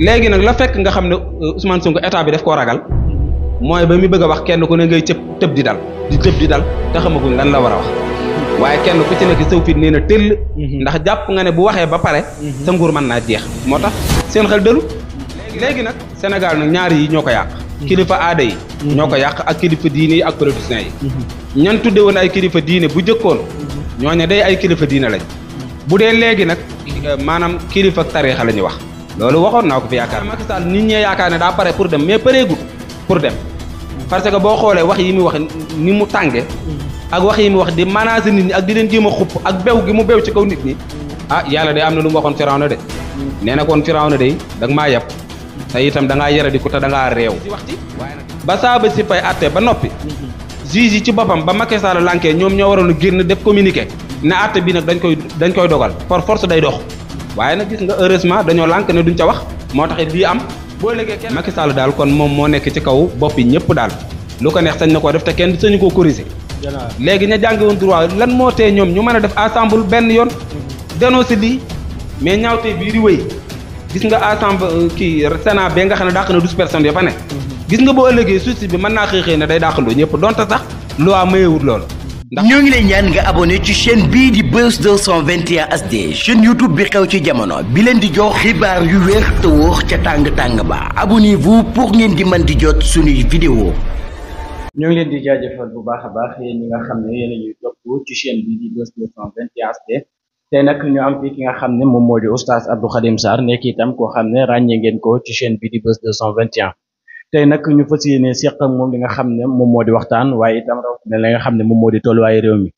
léegi nag la fekk nga xam ne euh, Ousmane Sonko état bi daf koo ragal mooy ba mu bëgg a wax kenn ku ne ngay cëb tëb di dal di tëb di dal te xamaguñ lan la war a wax waaye kenn ku ci nekk saw fit nee na tëll mhm. ndax jàpp nga ne bu waxee ba pare mhm. sa nguur mën naa jeex moo tax seen xel dëlu léegi nag Sénégal nag ñaar yi ñoo ko yàq mhm. kilifa aada yi ñoo ko yàq ak kilifa diine yi ak politiciens yi ñan tudde woon ay kilifa diine bu jëkkoon ñooñu day ay kilifa diine lañ bu dee léegi nag euh, maanaam kilifa tariixa la ñuy wax loolu waxoon naa ko fi yaakaar Macky Sall nit ñee yaakaar ne daa pare pour dem mais pareegul pour dem parce que boo xoolee wax yi mu wax ni mu tànge ak wax yi mu wax di menacer nit ñi ak di leen jéem a xupp ak bew gi mu bew ci kaw nit ñi ah yàlla de am na lu mu waxoon na de nee na kon Firawna de da nga maa yab te itam da ngaa yara di ko te da ngaa réew ba saaba si fay ba noppi juge yi ci boppam ba Macky Sall lànkee ñoom ñoo waroon a génn def communiqué ne atte bi nag dañ koy dañ koy dogal par force day dox waaye nag gis nga heureusement dañoo lànk ne duñ ca wax moo tax lii am boo léegee kenn Macky daal kon moom moo nekk ci kaw bopp yi ñëpp daal lu ko neex sañ na koo def te kenn sañu koo corriger léegi ña jàngi woon droit lan moo tee ñoom ñu mën a def ensemble benn yoon mhm. denoo si lii mais ñaaw ñaawtee bii di wéy gis nga ensemble euh, kii Sénat bee nga xam ne dàq na douze personnes ya fa ne mhm. gis nga boo ëllëgee suuf si bi mën naa xëy xëy ne day daq dàqandoo ñëpp donte sax loi mayewut loolu ndax ñoo ngi leen ñaan nga abonné ci chaîne bii di Buzz 221 HD chaîne YouTube bi xew ci jamono bi leen di jox xibaar yu weex te wóor ca tàng tàng ba abonnez-vous pour ngeen di man di jot suñuy vidéo ñoo ngi leen di jaajëfal bu baax a baax yéen ñi nga xam ne yéen a ñuy topp ci chaîne bii di Buzz 221 HD tey nag ñu am fii ki nga xam ne moom moo di oustaz Abdou Khadim Sarr nekk itam koo xam ne ràññee ngeen ko ci chaîne bii di Buzz 221. tey nag ñu fas yéene seq ak moom li nga xam ne moom moo di waxtaan waaye itam rawatina li nga xam ne moom moo di tolluwaayu réew mi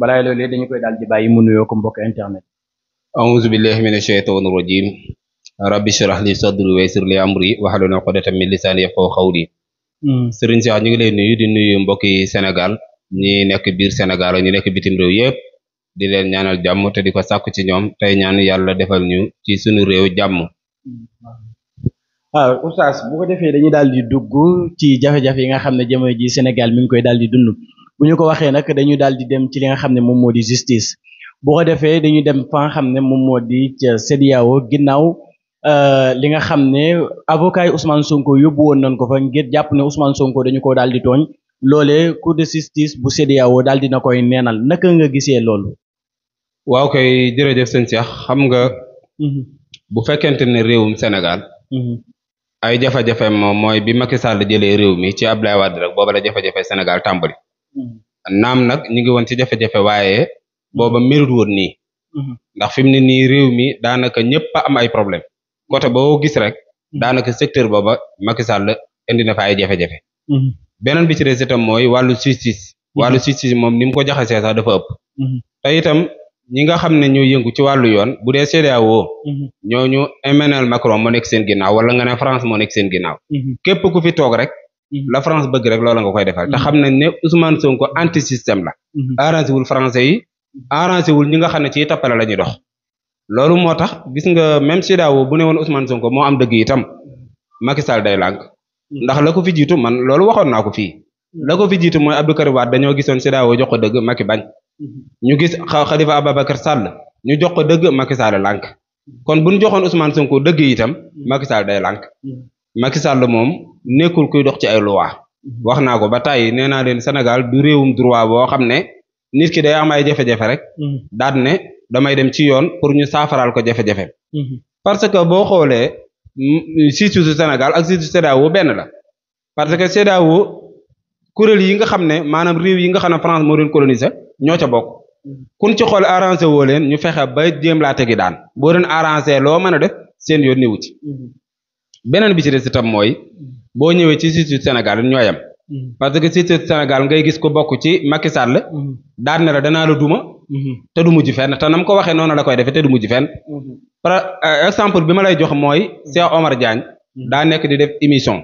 balaa loolee dañu koy daal di bàyyi mu nuyoo ko mbokk internet. auzu billahi mina shaytaani rajim rabbi shrah li sadri wa yassir li amri wahlul uqdatan min lisaani yafqahu qawli. Hmm. Serigne Cheikh ñu ngi lay nuyu di nuyu mbokki Sénégal ñi nekk biir Sénégal ak ñi nekk bitim réew yëpp di leen ñaanal jàmm te di ko sàkku ci ñoom tey ñaan yàlla defal ñu ci sunu réew jàmm. Hmm. waaw oustaz bu ko defee dañuy daal di dugg ci jafe-jafe yi nga xam ne jamono ji Sénégal mi ngi koy daal di dund bu ñu ko waxee nag dañuy daal di dem ci li nga xam ne moom moo di justice bu ko defee dañuy dem fa nga xam ne moom moo di ca CEDEAO ginnaaw euh, li nga xam ne avocat yi Sonko yóbbu woon nañ ko fa ngir jàpp ne Ousmane Sonko dañu ko daal di tooñ loolee cour de justice bu CEDEAO daal di na koy neenal naka nga gisee loolu. waaw kay jërëjëf sëñ Cheikh xam nga. Mhm. bu fekkente ne réewum Sénégal. Mhm. ay jafe-jafe moom mooy bi Macky Sall jëlee réew mi ci Abdoulaye Wade rek booba la jafe-jafe Sénégal tàmbali mm-hmm. naam nag ñu ngi woon ci jafe-jafe waaye booba mérut woon nii mm-hmm. ndax fi mu ne nii réew mi daanaka ñëpp am ay problème côté boo gis rek mm-hmm. daanaka secteur booba Macky Sall indi na fa ay jafe-jafe beneen bi ci des itam mooy wàllu justice wàllu justice moom ni mu ko jaxasee sax dafa ëpp ñi nga xam ne ñoo yëngu ci wàllu yoon bu dee CEDEAO mhm. ñooñu Emmanuel Macron moo nekk seen ginnaaw wala nga France moo nekk seen ginnaaw mhm. képp ku fi toog rek mhm. la France bëgg rek loola nga koy defal te xam nañ ne Ousmane Sonko enti système la arrangé wul français yi arrangé wul ñi nga xam ne ci tappale la ñuy dox loolu moo tax gis nga même CEDEAO bu ne woon Ousmane Sonko moo am dëgg itam maki Sall day lànk ndax la ko fi jiitu man loolu waxoon naa ko fii la ko fi jiitu mooy Abdou Karim Wade dañoo gisoon CEDEAO jox ko dëgg Macky bañ ñu gis xalifa Ababacar Sall ñu jox ko dëgg Macky Sall lànk kon bu ñu joxoon Ousmane Sonko dëgg itam Macky Sall day lànk Macky Sall moom nekkul kuy dox ci ay loi wax naa ko ba tàyyi nee naa leen Sénégal du réewum droit boo xam ne nit ki day am ay jafe rek daal ne damay dem ci yoon pour ñu saafaral ko jafe-jafe parce que boo xoolee situ su Sénégal ak situ CEDEAO benn la parce que CEDEAO kuréel yi nga xam ne maanaam réew yi nga xam ne France moo doon coloniser ñoo ca bokk kun ci xool arrangé woo leen ñu fexe ba jéem laa tegi daan boo doon arrangé loo mën a def seen yoon niwu ci beneen bi ci des itam mooy boo ñëwee ci justice Sénégal ñoo yem parce que justice Sénégal ngay gis ko bokk ci Macky Sall daan ne la danaa la duma te du mujj fenn te nam ko waxee noonu la koy defee te du mujj fenn par exemple bi ma lay jox mooy Cheikh Omar Diagne daa nekk di def émission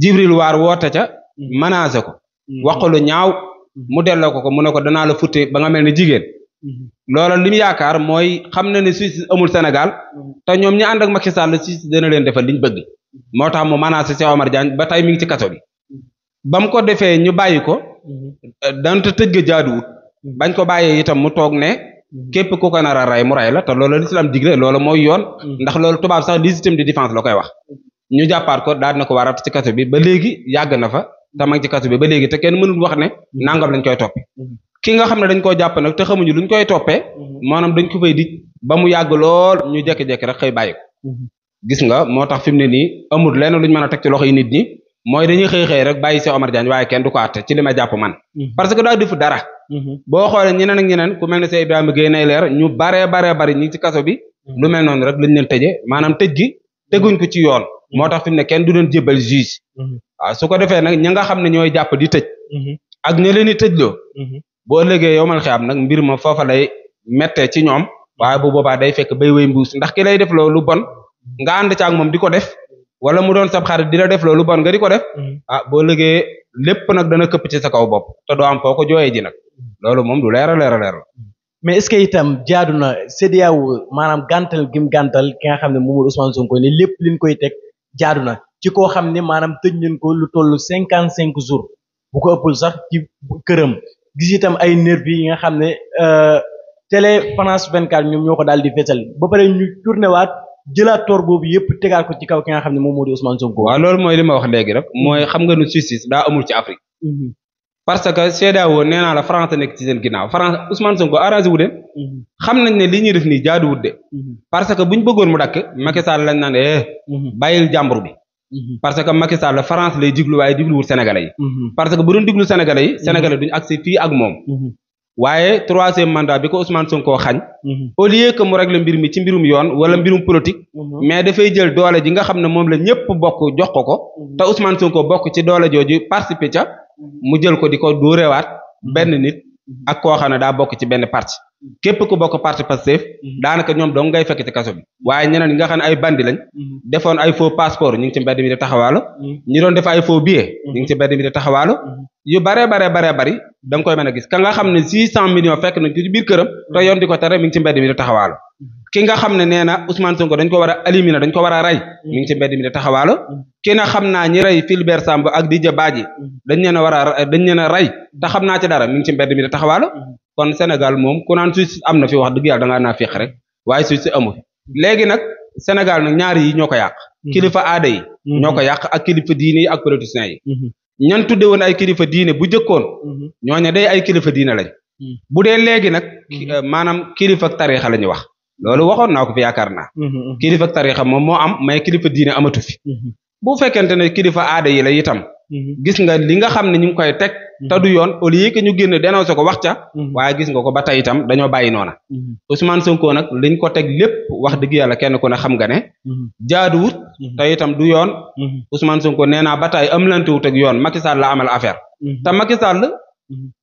Jibril Waar manasé ko mm-hmm. wax ko lu ñaaw mm-hmm. mu delloo ko ko mu ne ko danaa la futte ba nga mel ne jigéen mm-hmm. loola li mu yaakaar mooy xam na ne justice amul Sénégal te ñoom ñi ànd ak Macky Sall justice dana leen defal liñ bëgg moo tax mu menacé Cheikh Omar Diagne ba tey mi ngi ci kaso bi ba mu ko defee ñu bàyyi ko danta tëj ga jaaduwut bañ ko bàyyee itam mu toog ne képp ku ko nar a mu rey la te loolu lislaam digle loola mooy yoon ndax loolu tubaab sax légitime de défense la koy wax ñu jàppaat ko daal na ko warat ci kaso bi ba léegi yàgg na fa dama ci kasu bi ba legi te ken mënul wax ne nangam lañ koy topé mhm. ki nga xamne dañ ko japp nak te xamuñu luñ koy topé mhm. manam dañ ko fay di ba mu yag lool ñu jek jek rek xey bayiko mhm. gis nga motax fimne ni amul lenn luñ mëna tek ci loxo nit ñi moy dañuy xey xey rek bayyi ci Omar Diagne waye ken du ko àtte ci lima ma man parce que da defu dara boo xoolee ñeneen ak ñeneen ku melni ne Cheikh Ibrahima Gueye nay leer ñu bare bare bare ñi ci kaso bi lu mel non rek luñ leen tëjee manam tejgi teguñ ko ci yoon motax fimne ken du leen jébal juge waaw su ko defee nag ña nga xam ne ñooy jàpp di tëj mhm. ak ña leen di tëjloo mhm. boo ëllëgee yowmal xiyaam nag mbir ma foofa lay mettee ci ñoom waaye bu boobaa day fekk bay wéy mbuus ndax ki lay def loolu bon nga ànd caag moom di ko def wala mu doon sab xarit di def def loolu bon nga di ko def mhm. ah boo ëllëgee lépp nag dana këpp ci sa kaw bopp te doo am foo ko jooyee ji nag loolu moom du leer a leer a leer la mais est-ce que itam jaadu na CEDEAO maanaam gàntal gim gàntal ki nga xam ne moom Ousmane Sonko ne lépp koy teg jaadu na ci koo xam ne maanaam tëj nañ ko lu toll cinquante cinq jours bu ko ëppul sax ci këram gis itam ay nervi yi nga xam ne euh, télé France 24 ñoom ñoo ko daal di fesal ba pare ñu tourné waat jëlaat toor boobu yëpp tegaat ko ci kaw ki nga xam ne moom moo di Ousmane Sonko. waaw loolu mooy li wax léegi rek mm-hmm. mooy xam nga nu justice daa amul ci Afrique. Mm-hmm. parce que CEDEAO nee naa la France nekk ci seen ginnaaw France Ousmane Sonko arrangé wu leen mhm. xam nañ ne li ñuy def nii jaaduwut de mhm. parce que bu ñu bëggoon mu dakk Macky Sall lañ na eh mhm. bàyyil jàmbur bi parce que Macky Sall France lay diglu waaye digluwul Sénégalais yi parce que bu diglu Sénégalais yi Sénégalais accès fii ak moom waaye troisième mandat bi ko Ousmane Sonko xañ mhm. au lieu que mu régler mbir mi ci mbirum yoon wala mhm. mbirum politique mhm. mais dafay jël doole ji nga xam ne moom la ñëpp bokk jox ko ko te Ousmane Sonko bokk ci doole jooju participer ca mu jël ko di ko dóorewaat benn nit ak koo xam ne daa bokk ci benn parti képp ku bokk parti Pastef mhm. daanaka ñoom dong ngay fekk ci kaso bi waaye ñeneen nga xam ne ay bandi lañ mhm. defoon ay faux passeport ñu ngi ci mbedd mi di taxawaalo mhm. ñi ay faux billet ñu ngi ci mbedd mi di taxawaalo yu baree baree baree bari da nga koy mën a gis ka nga xam ne six cent millions fekk nañ ko ci biir këram te yoon di ko tere mi ngi ci mbedd mi di taxawaalo ki nga xam nee na Ousmane Sonko dañ ko war a éliminer dañ ko war a rey ngi ci mbedd mi di taxawaalo ki na xam naa ñi rey Fulbert Sambou ak Didier Badji dañ leen war a leen a rey te xam naa ci dara mi ngi ci mbedd mi di taxawaalo kon Sénégal moom ku naan am na fi wax dëgg yàlla da ngaa naa féex rek waaye Suisse amul léegi nag Sénégal nag ñaar yi ñoo ko yàq. Mhm. kilifa aada yi. Mhm. ñoo ko yàq ak kilifa diine yi ak politiciens yi. Mhm. ñan tudde woon ay kilifa diine bu jëkkoon. ñooñu day ay kilifa diine lañ. bu dee léegi nag euh, maanaam kilifa tariixa la ñuy wax loolu waxoon naa ko fi yaakaar naa. kilifa tariixa moom moo am mais kilifa diine amatu fi. bu fekkente ne kilifa aada yi la itam. gis nga li xam ñu ngi koy teg. te du yoon au lieu que ñu génn dénoncé ko wax ca mhm. waaye gis nga ko ba tey itam dañoo bàyyi noona mhm. Ousmane Sonko nag liñ ko teg lépp wax dëgg yàlla kenn ku ne xam nga ne mhm. jaaduwut te itam du yoon Ousmane Sonko nee naa ba tey amlantewut ak yoon Macky Sall la amal affaire te Macky Sall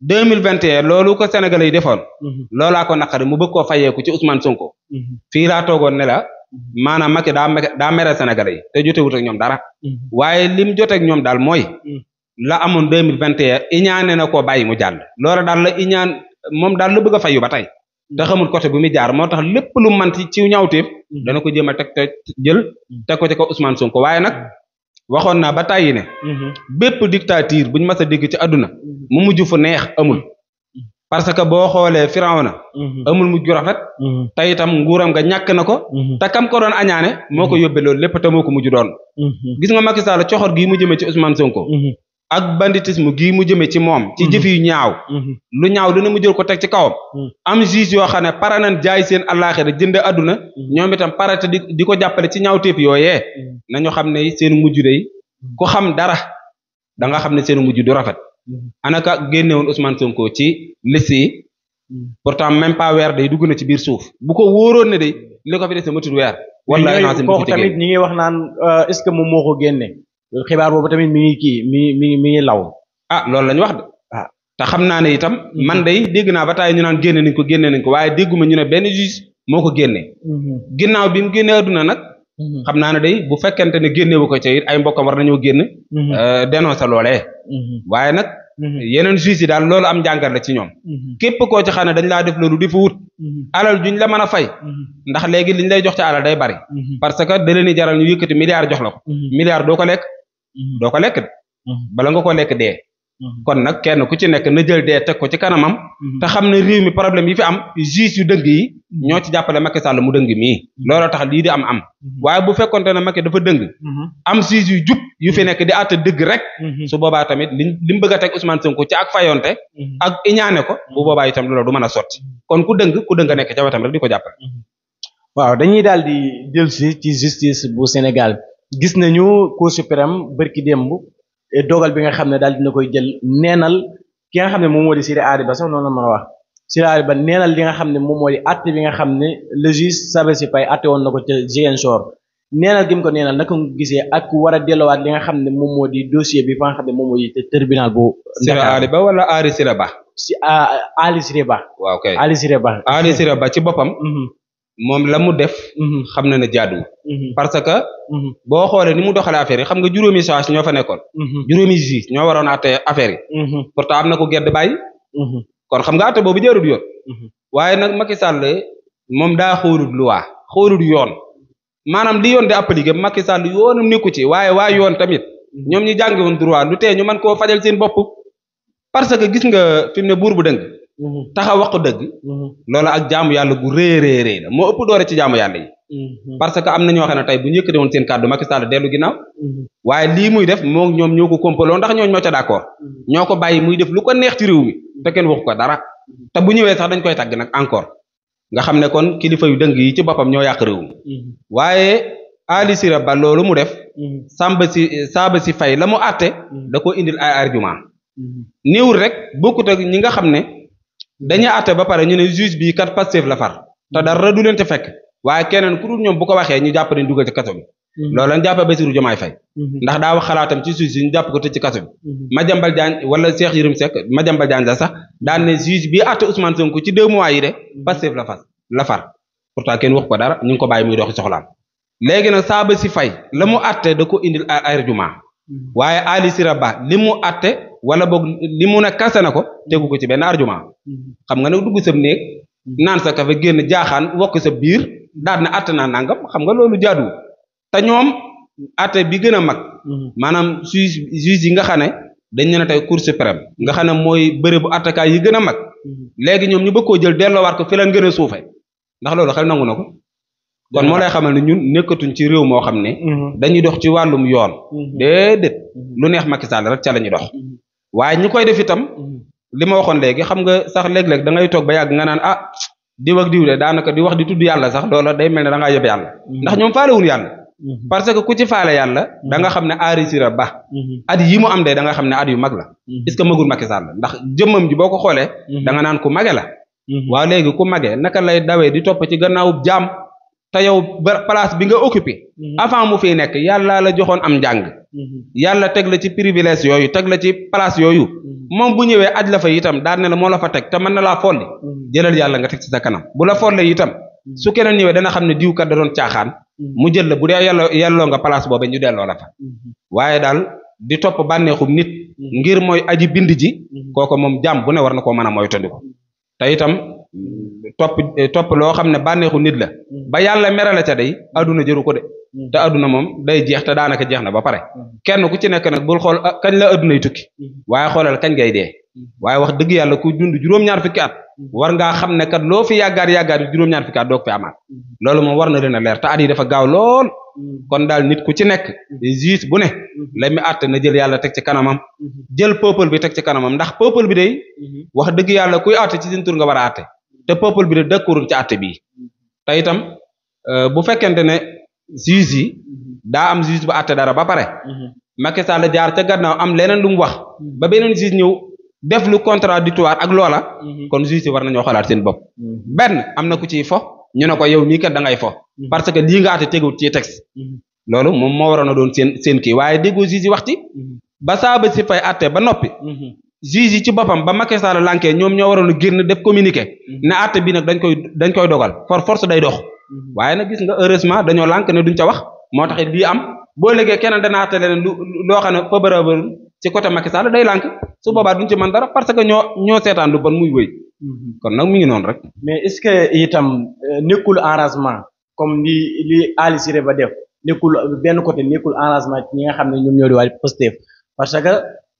2021 loolu ko Sénégalais yi defoon loolaa ko naqari mu bëgg koo fayeeku ci Ousmane Sonko fii laa toogoon ne la maanaam Macky daa daa mere Sénégalais yi te jotewut ak ñoom dara waaye lim joteeg ñoom daal mooy la amoon deux mille vingt et un iñaane na koo bàyyi mu jàll loolu daal la iñaan moom daal la bëgg a fayu ba tey te xamul côté bu muy jaar moo tax lépp lu man ci ci ñawteef mm. dana ko jéem a teg te jël mm. teg ko ci ko Ousmane Sonko waaye nag waxoon naa ba tàyyi ne mm-hmm. bépp dictature buñu mas a dégg ci àdduna mm-hmm. mu mujj fu neex amul mm-hmm. parce que boo xoolee Firawna amul mujj rafet te itam nguuram nga ñàkk na ko te kam ko doon añaane moo ko yóbbe loolu lépp te moo ko mujj doon gis nga Macky Sall coxor gii mu jëmee ci Ousmane Sonko ak banditisme gi mu jëme ci mom ci jëf yu ñaaw mhm. lu ñaaw lu mu jël ko tek ci kawam mhm. am jiss yo xane paranan jaay seen alakhir jënd aduna mhm. ñom itam parata diko jappalé ci ñaaw tepp yoyé nañu xamné ne seen mujj day ko xam dara da nga xamné seen mujj du rafet anaka génnewoon Ousmane Sonko ci liste pourtant même pas wér day duguna ci bir souf bu ko wóoroon ne day liko ko fi dese matul wér wallahi naa seen ko tamit ñi ngi wax naan euh, est ce que mo moko ko xibaar boobu tamit mi ngi kii mi mi mi ngi law ah loolu la ñu wax de ah te xam naa ne itam mm-hmm. man day dégg naa ba taay ñu naan génne nañ ko génne nañ ko waaye dégguma ñu ne benn juge moo ko génne mm-hmm. ginnaaw bi mu génne adduna nag mm-hmm. xam naa ne day bu fekkente ne génne wu ko ca ay mbokkam war nañoo génn euh, dénoncé loolee waaye nag yeneen juge yi daal loolu am njàngat ci ñoom képp koo ci xam ne dañ laa def loolu di fuut wut alal juñ la mën a fay ndax léegi liñ lay jox ci alal day bari parce que da leen di jaral ñu yëkkati milliard jox la ko milliard doo ko lekk Mhm. doo ko lekk mhm. bala nga ko lekk dee mhm. kon nag kenn ku ci nekk na jël dee teg ko ci kanamam te xam ne réew mi problème yi fi am juge yu dëng yi ñoo ci jàppale Macky Sall mu dëng mii looloo tax lii di am am waaye bu fekkonte ne Macky dafa dëng am juge yu jub yu fi nekk di àtte dëgg rek su boobaa tamit liñ li mu bëgg a teg Ousmane Sonko ci ak fayonte ak iñaane ko bu boobaa itam loolu du mën a sotti kon ku dëng ku dëng nekk ca rek di ko jàppale waaw dañuy daal di dellusi ci justice bu Sénégal gis nañu cour suprême bërki démb dogal bi nga xam ne daal dina koy jël neenal ki nga xam ne moom moo di Siré Ariba sax noonu la mën a wax Siré Ariba neenal li nga xam ne moom moo di bi nga xam ne le juge Sabassy Faye àtte woon na ko ca Ziguinchor neenal gi mu ko neenal naka nga gisee ak war a delloowaat li nga xam ne moom moo di dossier bi fa nga xam ne moom moo di tribunal bu. Siré Ariba wala Ari Ba. si ah, Ali Siré Ba. waaw Ba. Ali Ba ci boppam. Mm-hmm. mom lamu mu def mhm. xamna na jaadu mhm. parce que mhm. bo xolé ni mu doxale affaire xam nga juromi saas ño fa nekkoon juromi juge ño warona atte affaire pourtant amna ko gedd bàyyi kon xam nga até bobu jaarul yoon waye nak Macky Sall mom da xorul loi xorul yoon manam li yoon di appliqué Macky Sall yoonam neeku ci waye wa yoon tamit ñom ñi jangewon droit lu té ñu man ko fajal seen bop parce que gis nga fi bour bu deng Mhm. taxaw wax ko dëgg mhm. loolu ak jaamu yàlla gu rëy rëy rëy la moo doore ci jaamu yàlla yi mhm. parce que am na ñoo xam ne tey bu ñu yëkkate woon seen kàddu Macky Sall dellu ginnaaw waaye lii muy def moo ñoom ñoo ko kompaloo ndax ñooñu ñoo ca d'accord ñoo ko bàyyi muy def lu ko neex ci réew mi te kenn waxu ko dara te bu ñëwee sax dañ koy tàgg nag encore nga xam ne kon kilifa yu dëng yi ci boppam ñoo yàq réew mi waaye Ali Sira Ba loolu mu def sàmba si saaba si fay la mu àtte da koo indil ay argument néewul rek bokkut ak ñi nga xam ne dañu àtte ba pare ñu ne juge bii kat Pastef la far te dara du leen te fekk waaye keneen ku dul ñoom bu ko waxee ñu jàpp ne dugal ci kaso bi mm-hmm. loolu lañ jàppee Bassirou Diomaye Faye mm-hmm. ndax daa wax xalaatam ci juge yi ñu jàpp ko tëj ci kaso bi mm-hmm. Madiambal Diagne wala Cheikh Yérim Seck Madiambal Diagne la sax daan ne juge bii àtte Ousmane Sonko ci deux mois yi de Pastef la far la far pourtant kenn wax ko dara ñu ngi ko bàyyi muy doxi soxlaam léegi nag saa ba si fay la mu àtte da ko indil ay argument waaye Ali Siraba li mu àtte wala bok li mu ne kase ko teggu ko ci ben arjuma mhm. xam nga ne dugg sa néeg mhm. nan sa kafe genn jaxan wok sa bir dal na atana nangam xam nga loolu jadu ta ñom até bi gëna mag manam mhm. juge juge yi nga xane dañ ne tay cour suprême nga xane moy bëre bu attakaay yi gëna mag légui ñom ñu bëgg koo jël war ko fi leen gëna a ndax loolu xel nangu nako kon mo lay xamal ni ñun nekkatuñ ci réew mo xamné dañuy dox ci walum yoon déedéet lu neex Macky Sall rek ca lañuy dox waaye ñu koy def itam mm-hmm. li ma waxoon léegi xam nga sax léeg-léeg da ngay toog ba yàgg nga naan ah diw ak diw daanaka di wax di tudd yàlla sax loola day mel ne da ngaa yóbbu yàlla mm-hmm. ndax ñoom faalewuñu yàlla mm-hmm. parce que ku ci faale yàlla da nga xam ne a ba at yi mu am de da nga xam ne at yu mag la est-ce que magul ndax jëmmam ji boo ko xoolee da nga naan ku mage la waaw léegi ku mage naka lay dawee di topp ci gannaawub jaam te yow place bi nga occupé avant mu fiy nekk yàlla la joxoon am njàng yàlla teg la ci privilège yooyu teg la ci palace yooyu moom bu ñëwee aj la fa itam daan ne la moo fa teg te man na laa folli jëlal yàlla nga teg ci sa kanam bu la folle itam su keneen ñëwee dana xam ne diw kat da doon caaxaan mu jël la bu dee yàlla yàlloo nga place boobu ñu delloo fa waaye daal di topp bànneexum nit ngir mooy aji bind ji kooku moom jàmm bu ne war na koo mën a moytandiku te itam topp loo xam ne bànneexu nit la ba yàlla mere la ca day àdduna jëru ko de te adduna moom day jeex te daanaka jeex na ba pare kenn ku ci nekk nag bul xool ah, kañ la addunay tukki waaye xoolal kañ gay dee waaye wax dëgg yàlla ku dund juróom-ñaar fukki at war ngaa xam ne kat loo fi yàggaat yàggaat juróom-ñaar fukki at doog fi amaat loolu moom war na leen a leer te at yi dafa gaaw lool kon daal nit ku ci nekk juge bu ne la mi àtt na jël yàlla teg ci kanamam jël peuple bi teg ci kanamam ndax peuple bi day wax dëgg yàlla kuy àtte ci seen nga war a àtte te peuple bi de dëkkuruñ ci juge yi daa am juge ba àtte dara ba pare mhm. Macky Sall jaar ca gannaaw am leneen lu mu wax mhm. ba beneen juge ñëw def lu contradictoire ak loola mhm. kon juge yi war nañoo xalaat seen bopp benn am na ku ciy fo ñu ne ko yow nii kat da ngay fo parce que lii nga àtte tegul ci texte loolu moom moo waroon a doon seen seen kii waaye déggoo juge yi waxti ba saaba si fay àtte ba noppi juge yi ci boppam ba Macky Sall lankee ñoom ñoo waroon a génn def communiqué ne ate bi nag dañ koy dañ koy dogal for force day dox Mhm. waaye nag gis nga heureusement dañoo lank ne duñ ca wax moo tax it lii am boo léegi keneen danaa te leen lu loo xam ne favorable ci côté Macky Sall day lank su boobaa duñ ci mën dara parce que ñoo ñoo seetaan lu bon muy wéy mhm. kon nag mu ngi noonu rek. mais est-ce que itam euh, nekkul arrangement comme li li Ali Siré ba def nekkul benn côté nekkul arrangement ci ñi nga xam ne ñoom ñoo di waa Pastef parce que.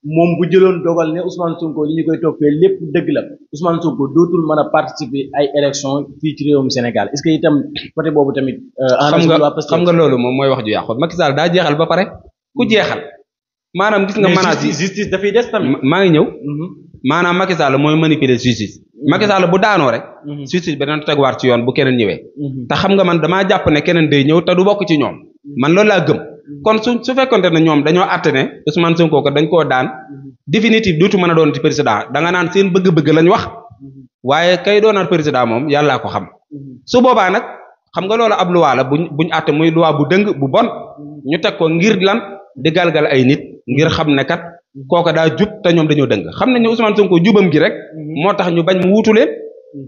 moom bu jëloon dogal ne Ousmane Sonko li ñu koy toppee lépp dëgg la Ousmane Sonko dootul mën a participer ay élections fii ci réewum Sénégal est-ce que itam côté boobu tamit. Euh, xam nga xam nga loolu moom mooy wax ju yàqu Macky Sall daa jeexal ba pare ku mm-hmm. jeexal. maanaam gis nga menace yi justice dafay des tamit. maa ngi ñëw. Mm-hmm. maanaam Macky Sall mooy manipuler justice. Mm-hmm. Macky Sall bu daanoo rek. justice beneen teguwaat ci yoon bu keneen ñëwee. te xam nga man damaa jàpp ne keneen day ñëw te du bokk ci ñoom. man loolu laa gëm. kon su su fekkonte na ñoom dañoo àtte ne Ousmane Sonko ko dañ koo daan définitive dootu mën a doon ci président da nga naan seen bëgg-bëgg lañ wax waaye kay doonaat président moom yàllaa ko xam su boobaa nag xam nga loolu ab luwaa la buñ buñ àtte muy luwaa bu dëng bu bon ñu teg ko ngir lan di galgal ay nit ngir xam ne kat kooka daa jub te ñoom dañoo dëng xam nañ ne Ousmane Sonko jubam gi rek moo tax ñu bañ mu wuutu leen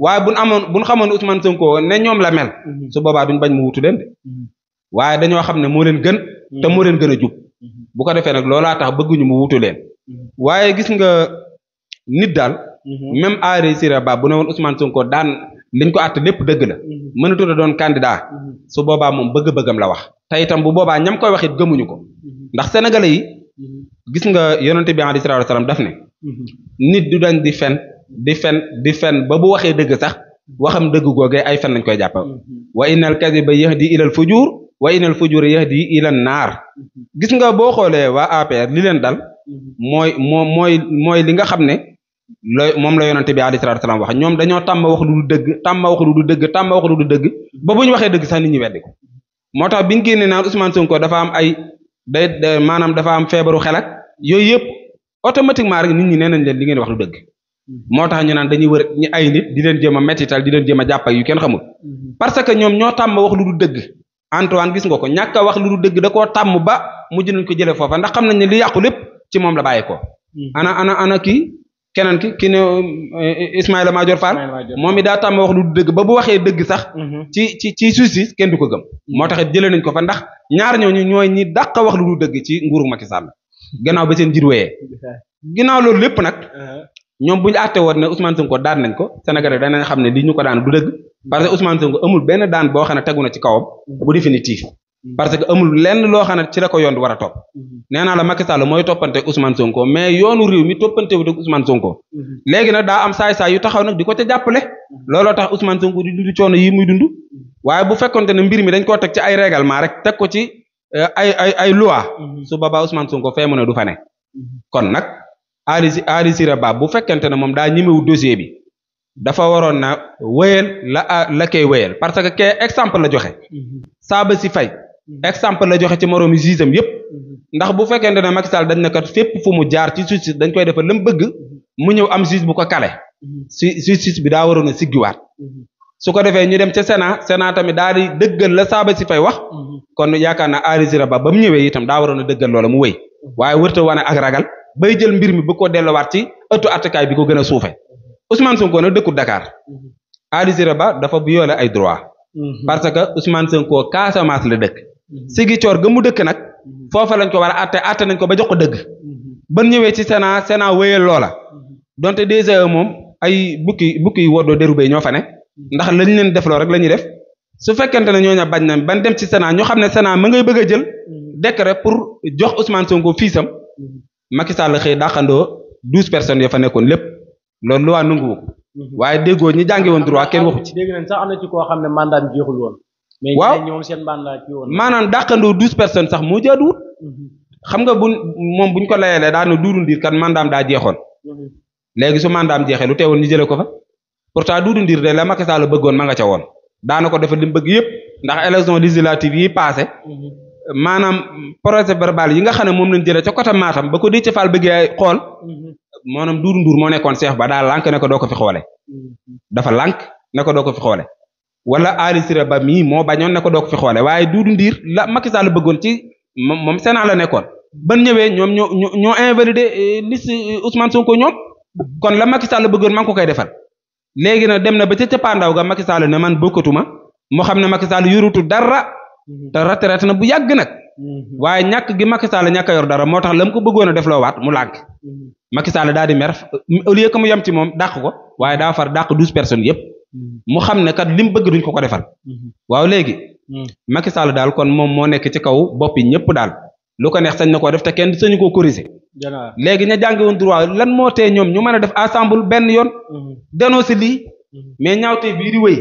waaye buñ amoon buñ xamoon Ousmane Sonko ne ñoom la mel mm-hmm. su boobaa duñ bañ mu wuutu leen de mm-hmm. te moo leen a jub bu ko defee nag loolaa tax bëgguñu mu wutu leen waaye gis nga nit daal même Henri Siré Ba bu ne woon Ousmane Sonko daan liñ ko àtt lépp dëgg la mënatu a doon candidat su boobaa moom bëgg-bëggam la wax te itam bu boobaa ñam koy wax it gëmuñu ko ndax sénégalais yi gis nga yonente bi alayhi salaatu wasalaam daf ne nit du dañ di fen di fen di fen ba bu waxee dëgg sax waxam dëgg googee ay fen lañ koy jàppal wa innal kadhiba yahdi ilal fujur wa inal fujur yahdi ilan nar. Mhm. gis nga wa xoolee wa APR li len dal moy mhm. moy moy li nga xamne mom la yonante bi alayhi salatu wasallam wax ñom dañu tam wax lu deug tam wax lu deug tam wax lu deug ba buñ waxe deug sax nit ñi wedd ko moo biñu bi na Ousmane Sonko dafa am ay day manam dafa am feebaru xelak yoy yep automatiquement rek nit ñi nenañ leen li ngeen wax lu deug motax mhm. ñu naan dañuy wër ñi ay nit di leen jéem a di leen yu kenn xamul parce que ñom ño tam wax lu deug Antoine gis nga ko ñàkk a wax lu du dëgg da koo tàmm ba mujj nañ ko jëlee foofa ndax xam nañ ne li yàqu lépp ci moom la bàyyi ko. Hmm. ana ana ana kii keneen ki ki ne eh, Ismaïla Madior Fall. moom it daa tàmm wax lu du dëgg ba bu waxee dëgg sax. Hmm. ci ci ci justice kenn du ko gëm. Hmm. moo tax jële nañ ko fa ndax ñaar ñooñu ñooy ñi dàq wax lu du dëgg ci nguuru Macky Sall gannaaw ba seen jir wéyee. ginnaaw loolu lépp nag. Uh-huh. ñoom bu ñu àtte woon ne Ousmane Sonko daan nañ ko Sénégalais danañ xam ne li ñu ko daan du dëgg parce que Ousmane Sonko amul benn daan boo xam ne tegu na ci kawam bu définitif parce que amul lenn loo xam ne ci la ko yoon war a topp nee naa la Macky Sall mooy toppante Ousmane Sonko mais yoonu réew mi toppante wu ak Ousmane Sonko léegi nag daa am saay-saay yu taxaw nag di ko ca jàppale looloo tax Ousmane Sonko di dund coono yi muy dund waaye bu fekkonte ne mbir mi dañ koo teg ci ay règlement rek teg ko ci euh, ay ay ay loi mm-hmm. su boobaa Ousmane Sonko fee mu ne du fa ne mm-hmm. kon nag Ari Ari Siraba bu fekkente ne moom daa ñemewu dossier bi dafa waroon na wéyal la ah, la koy wéyal parce que kee exemple la joxe saaba si fay exemple la joxe ci moroomi gisam yépp ndax bu fekkente ne Macky Sall dañ na kat fépp fu mu jaar ci justice dañ koy defal la bëgg mu ñëw am justice bu ko kale si justice bi daa waroon a siggiwaat su ko defee ñu dem ca Sénat Sénat tamit daal di dëggal la saaba si fay wax kon yaakaar na Ari Siraba ba mu ñëwee itam daa waroon a dëggal loola mu wéy waaye wërta wane ak ragal bay jël mbir mi bu ko dellowaat ci ëttu attakaay bi ko gën a suufe Ousmane Sonko nag dëkkul Dakar Ali Siré Ba dafa violé ay droit parce que Ousmane Sonko Casamance la dëkk sigi coor ga mu dëkk nag foofa lañ ko war a atte atte nañ ko ba jox ko dëgg ban ñëwee ci Sénat Sénat wéyal loola donte DGE moom ay bukki bukki woddoo dérubé ñoo fa ne ndax lañ leen def loo rek la ñuy def su fekkente ne ñooñu bañ nañ ban dem ci Sénat ñu xam ne Sénat ma ngay bëgg a jël mm-hmm. décret pour jox Ousmane Sonko fiisam Macky Sall xëy dàqandoo douze personnes ya fa nekkoon lépp loolu lu waa nanguwu ko mhm. waaye déggoo ñi jàngi woon droit kenn waxu ci. dégg nañ sax koo xam ne mandat bi jeexul woon. waaw mais ñoom seen mandat ci woon. maanaam dàqandoo douze personnes sax moo jaaduwut. Mhm. xam nga buñ moom buñ ko layalee daan na duudu ndiir kan mandaam daa jeexoon. Mhm. léegi su mandaam jeexee lu teewoon ñu jëlee ko fa pourtant duudu ndiir de la Macky Sall bëggoon ma nga ca woon daana ko defal li mu bëgg yëpp ndax élection législative yi passé maanaam projet verbal yi nga xam ne moom lañ jëlee ca côté Matam ba ko Déthié Fall bëggee xool maanaam duuru nduur moo nekkoon seex Ba daal lànk ne ko doo ko fi xoole dafa lànk ne ko doo ko fi xoole wala Ali Sira Ba mii moo bañoon ne ko doo ko fi xoole waaye duuru ndiir la Macky Sall bëggoon ci moom Sénat la nekkoon ban ñëwee ñoom ñoo ñoo invalidé eh, liste eh, Ousmane Sonko ñoom kon la Macky Sall bëggoon maa ko koy defal léegi nag dem na ba ca cëppaandaw ga Macky Sall ne man bokkatuma moo xam ne Macky Sall yorutu dara Mhm. te retraite na bu yàgg nag mhm. waaye ñàkk gi Macky Sall ñàkk yor dara moo tax la mu ko bëggoon a def loo waat mu lànk mhm. Macky daal di mer au lieu que mu yem ci moom dàq ko waaye daa far dàq douze personnes yëpp mu xam ne kat li mu bëgg duñ ko ko defal waaw léegi Macky Sall daal kon moom moo nekk ci kaw bopp yi ñëpp daal lu ko neex sañ na koo def te kenn sañu koo corriger léegi ña jàngi woon droit lan moo tee ñoom ñu mën a def ensemble benn yoon dénoncer lii mais ñaawtee bii di wéy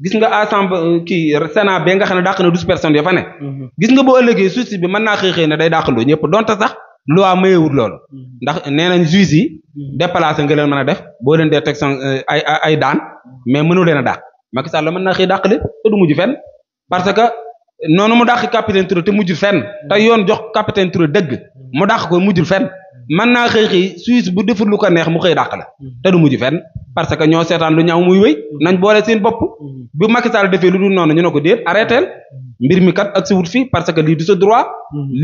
gis nga ensemble euh, ki sénat be nga xam ne na 12 personnes ya fa ne mhm. gis nga bo ëllëgee suuf bi man na xexé xëy ne day dàqandoo ñëpp donte sax loi mayewut lool mhm. ndax nee nañ juge yi mhm. déplacé nga leen mëna def bo leen dee teg euh, ay ay daan mais mënu leena a Macky Sall man na xëy dàq leen te du muju fenn parce que nonu mu dàq capitaine Touré te muju fenn te yoon jox capitaine Touré dëgg mu dàq ko muju fenn man na xëy xëy Suisse bu deful lu ko neex mu xëy dak la mm-hmm. te du muju fenn parce que ño setan lu ñaaw muy wey mm-hmm. nañ boole seen bop mm-hmm. bu Macky Sall defé lu du noonu ñu nako deet arrêtel mbir mi kat ak si wut fii parce que li du sa droit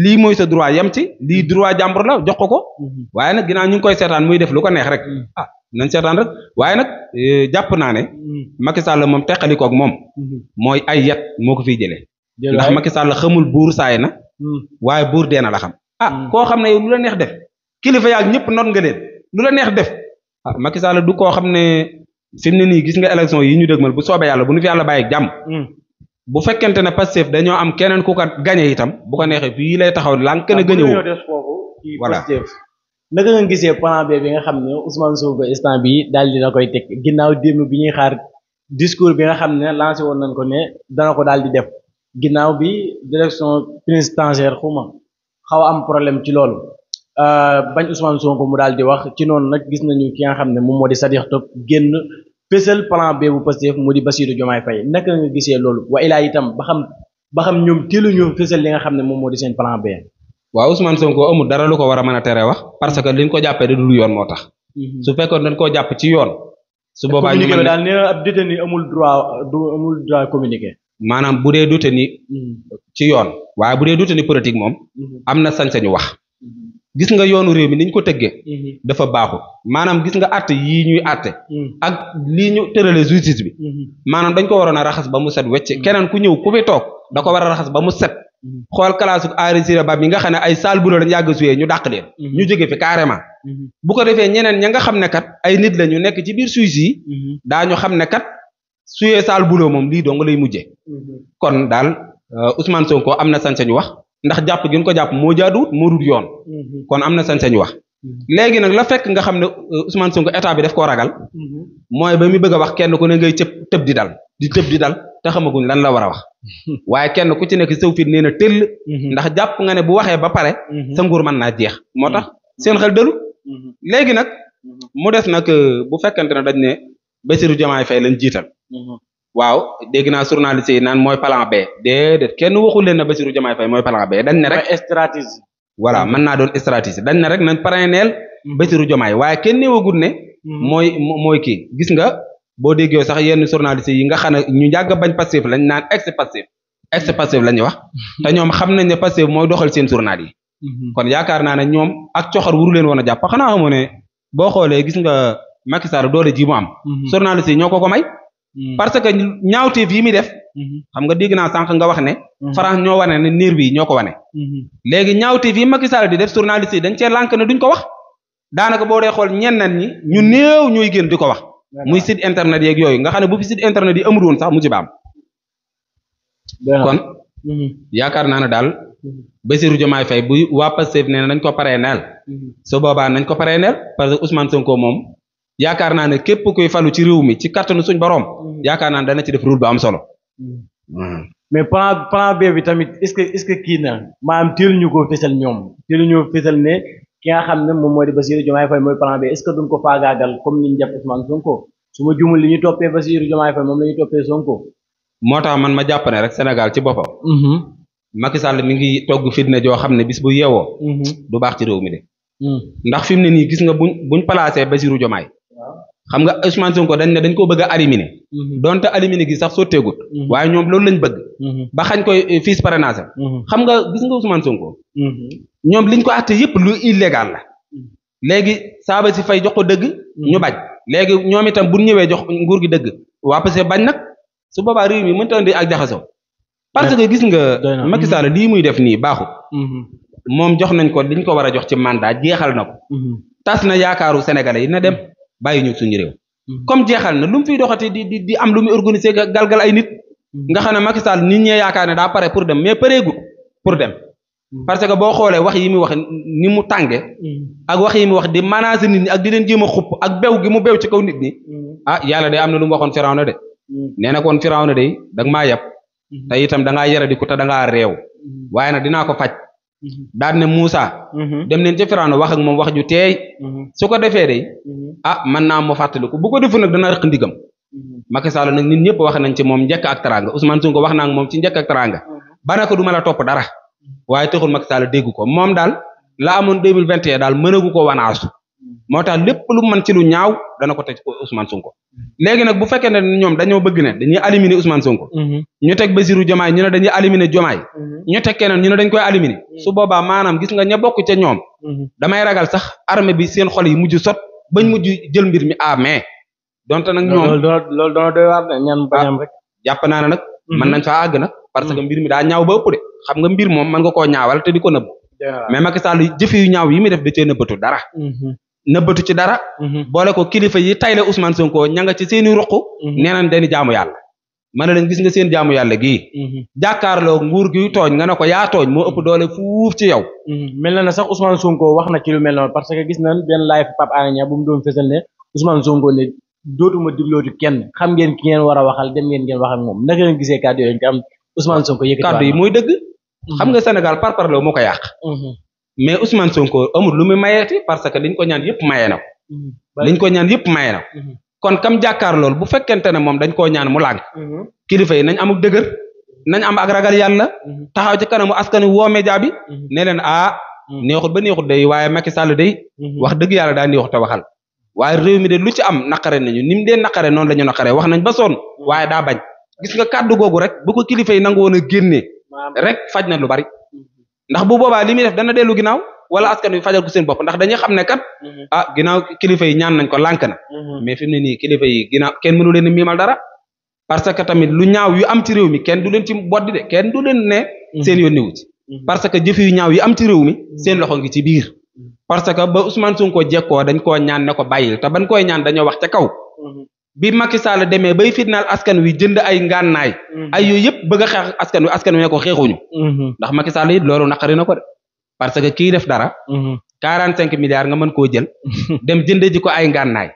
li moy sa droit yam ci li droit jàmbur la jox ko ko waye nak ginnaaw ñu koy setan muy def lu ko neex rek ah nañ setan rek waye nak eh, japp naane Macky Sall moom ak mom moy ay yat moko fi jele ndax Macky Sall xamul bour saay na waaye buur la xam ah ko xamne yow lu la neex def kilifa yaag ñëpp not nga leen lu la neex def ah Macky Sall du koo xam ne fi mu ne nii gis nga élection yi ñu dëgmal bu soobee yàlla bu nu fi yàlla bàyyi jàmm. Mm. bu fekkente ne Pastef dañoo am keneen ku ko gañe itam bu ko neexee fii lay taxaw lànk na ah, gëñëwoo. waaw des foofu voilà naka nga gisee plan B bi nga xam ne Ousmane ba instant bi daal dina koy teg ginnaaw démb bi ñuy xaar discours bi nga xam ne lancé woon nañ ko ne dana ko daal di def ginnaaw bi direction pénitentiaire xuma xaw am problème ci loolu. Euh, bañ Ousmane Sonko mu daal di wax ci noonu nag gis nañu ki nga xam ne moom moo di Sadikh Top génn fésal plan B bu Pastef mu di Bassirou Diomaye Faye naka nga gisee loolu wa ilaa itam ba xam ba xam ñoom teeluñu fésal li nga xam ne moom moo di seen plan B. waaw Ousmane Sonko amul dara lu ko war a mën a tere wax parce que liñ ko jàppee yoon moo tax. Mhm. su fekkoon dañ koo jàpp ci yoon. su boobaa ñu daal nee na ab amul droit amul droit communiqué maanaam bu dee du détenu. Mhm. ci yoon waaye bu dee détenu politique moom. Mhm. am na sañ-sañu wax. gis nga yoonu réew mi ni ñu ko tëggee. Mhm. dafa baaxu maanaam gis nga àtte yii ñuy àtte. Mhm. ak lii ñu tëralee justice bi. Mhm. maanaam dañ ko waroon a raxas ba mu set wecc keneen ku ñëw ku fi toog da ko war a raxas ba mu set. xool classe Henri Ciré Ba bi nga xam ne ay salle bu lañ yàgg a ñu dàq leen. ñu jóge fi carrément. bu ko defee ñeneen ña nga xam ne kat ay nit la ñu nekk ci biir suisse yi. daañu xam ne kat suyee salle bu moom lii dong lay mujjee. kon daal euh, Ousmane Sonko am na sañ-sañu wax. ndax jàpp gi ko jàpp moo jaaduwut moo dul yoon mhm. kon am na sañ-sañ wax mhm. léegi nag la fekk nga xam ne euh, Ousmane Sonko état bi daf koo ragal mhm. mooy ba muy bëgg a wax kenn ku ne ngay cëb tëb di dal di tëb di dal te xamaguñ lan la war a wax waaye kenn ku ci nekk sëw fit nee na tëll ndax jàpp nga ne bu waxee ba pare sa nguur mën naa jeex moo tax seen xel dalu léegi nag mu des nag euh, bu fekkante ne dañ ne Bassirou Diomaye Faye lañ jiital waaw dégg naa journaliste yi naan mooy plan B déedéet kenn waxul leen na Bassirou Diomaye Faye mooy plan dañ ne rek mooy stratégie. voilà mën naa doon stratégie dañ ne rek nañ parrainel mm-hmm. Bassirou Diomaye waaye kenn néewagul ne. Mm-hmm. mooy mooy kii gis nga boo déggee sax yenn journaliste yi nga xam ne ñu yàgg bañ passif lañ naan ex passif ex passif la ñuy wax mm-hmm. te ñoom xam nañ ne passif mooy doxal seen journal yi. kon yaakaar naa ne ñoom a coxar wuru leen woon a jàpp xanaa xamoo ne boo xoolee gis nga Macky Sall doole ji mu am. journaliste yi ñoo ko ko may. Mm-hmm. parce que ñaawteef yi muy def. Mm-hmm. xam nga dégg naa sànq nga wax ne. Mm-hmm. France ñoo wane ne niir bi ñoo ko wane. léegi ñaawteef yi Macky Sall di def journaliste yi dañ cee lànk ne duñ ko wax daanaka boo dee xool ñenn ñi ñu néew ñuy gën di ko wax. muy site internet yeeg yooyu nga xam ne bu fi site internet yi amul woon sax mu ci baam. kon. yaakaar naa ne daal. Bassirou Diomaye Faye bu waa ne nee nañ ko pare neel. su boobaa nañ ko pare neel parce que Ousmane Sonko moom. yaakaar naa ne képp kuy falu ci réew mi ci kattanu suñ borom mm. yaakaar naa ne dana ci def rôle bu am solo. Mm. Mm. mais plan plan B bi tamit est-ce que est-ce que kii na maanaam teeluñu ko fësal ñoom teeluñu fësal ne ki xam ne moo di Bassirou Diomaye Faye ko faagaagal comme ni ñu jàpp ma jumul li ñu toppee Bassirou Diomaye moom la moo tax man ma jàpp ne Sénégal ci boppam. Mm-hmm. Macky Sall mi ngi togg fitna joo xam ne bis bu yeewoo. Mm-hmm. du baax ci réew mi de. ndax fi mu ne nii gis nga buñ buñ placé Bassirou Diomaye xam nga Ousmane Sonko dañ na dañ koo bëgg a éliminer mhm. donte éliminer gi sax sotteegut mhm. waaye ñoom loolu lañ bëgg mhm. ba xañ koy eh, fiis parrainage xam nga gis nga Ousmane Sonko ñoom liñ ko àtte yëpp lu illégal la léegi saaba si fay jox ko dëgg ñu bañ léegi ñoom itam bu ñëwee jox nguur gi dëgg waa parce que bañ nag su boobaa réew mi mënta di ak jaxasoo parce que gis nga Macky Sall lii muy def nii baaxul moom jox nañ ko liñ ko war a jox ci mandat jeexal na ko tas na yaakaaru sénégalais yi na dem bàyyi ñu suñu réew mm-hmm. comme jeexal na lu mu fiy di di am lu muy galgal ay nit mm-hmm. nga xam ne Macky Sall nit ñee yaakaar ne daa pare pour dem mais pareegul pour dem mm-hmm. parce que boo xoolee wax yi muy wax ni mu tànge ak wax yi mu wax di menacer nit ñi ak di leen jéem a xupp ak bew gi mu bew ci kaw nit ñi ah yala day am na lu waxoon firaw na de nee na koon firaw na de danga maa yab te itam dangaa yara di ko te dangaa réew dinaa ko faj Mhm. daal ne Moussa. Mhm. dem leen ca Firawna wax ak moom wax ju teey. Mhm. su ko defee de ah mën naa moo fàttaliku bu ko defu nag dana rëq ndigam. Macky Sall nag nit ñëpp wax nañ ci moom njëkk ak teraanga Ousmane Sonko wax naa moom ci njëkk ak teraanga. ba ne ko du ma la topp dara. waaye taxul Macky Sall dégg ko moom daal la amoon deux mille vingt et un daal mënagu ko wanaasu. moo tax lépp lu man ci lu ñaaw dana ko teg Ousmane Sonko léegi nag bu fekkee ne ñoom dañoo bëgg ne dañuy éliminer Ousmane Sonko mhm. ñu teg Basirou Diomaye ñu ne dañuy éliminer Diomaye mhm. ñu teg keneen ñu ne dañ koy éliminer mhm. su boobaa maanaam gis nga ña bokk ca ñoom damay ragal sax armée bi seen xol yi mujj sot bañ mujj jël mbir mi a ah, mais donte nag ñoom loolu doona doy waar ñaan bañam rek ah, jàpp naa ne nag mën nañ faa àgg nag parce que mbir mi daa ñaaw ba ëpp de xam nga mbir moom mën nga koo ñaawal te di ko nëbb mais Macky Sall jëfe yu ñaaw yi muy def da cee nëbbatu dara na nëbbatu ci dara. Mhm. boole ko kilifa yi tayle Ousmane Sonko ña nga ci seen i ruq. Mhm. nee nañ dañuy jaamu ma ne leen gis nga seen jaamu yàlla gii. Mhm. jàkkaarloo nguur gi tooñ nga ne ko yaa tooñ moo ëpp doole yow. mel na ne sax Ousmane Sonko wax na ci lu mel noonu parce gis nañ benn live Pape Alé Niang bu mu kenn xam ngeen ki ngeen war a waxal dem ngeen ngeen wax ak moom naka gisee kàddu yooyu nga yi mooy dëgg. xam nga Sénégal par parloo moo ko yàq. mais Ousmane Sonko amul lu muy mayeeti parce que liñ ko ñaan yëpp maye na ko mhm. liñ ko ñaan yëpp maye na mhm. kon kam jàkkaar lool bu fekkente ne moom dañ koo ñaan mu lànk mhm. kilifa yi nañ amuk dëgër nañ am ak ragal yàlla taxaw ci kanamu askani woo média bi ne leen ah neexut ba neexut day waaye Macky Sall day wax dëgg yàlla daa neexut te waxal waaye réew mi de lu ci am naqare nañu ni mu dee naqare noonu la ñu naqare wax nañ ba soon waaye daa bañ gis nga kàddu googu rek bu ko kilifa yi nangu woon a génnee rek faj na lu bari ndax bu boba limi def dana delu ginaaw wala askan bi fajal ko seen bop ndax dañuy xamne kat mhm. ah ginaaw kilifa yi ñaan nañ ko lank na mhm. mais fimne ni kilifa yi ginaaw kenn mënu leen miimal dara parce que tamit lu ñaaw yu am ci rew mi kenn du leen ci boddi de kenn du leen ne mhm. seen yoni wu ci parce que jëf yu ñaaw yu am ci rew mi seen loxo ngi ci biir parce que ba Ousmane Sonko jekko dañ ko ñaan ne ko bayil ta ban koy ñaan dañu wax ca kaw bi Macky Sall demee bay fitnaal askan wi jënd ay ngànnaay mm-hmm. ay yooyu yëpp bëgg a xeex askan wi askan wi ne ko xeexuñu mm-hmm. ndax Macky Sall it loolu naqari na ko de parce que kii def dara mm-hmm. quarante cinq milliards nga man koo jël dem jënd ji ko ay ngànnaay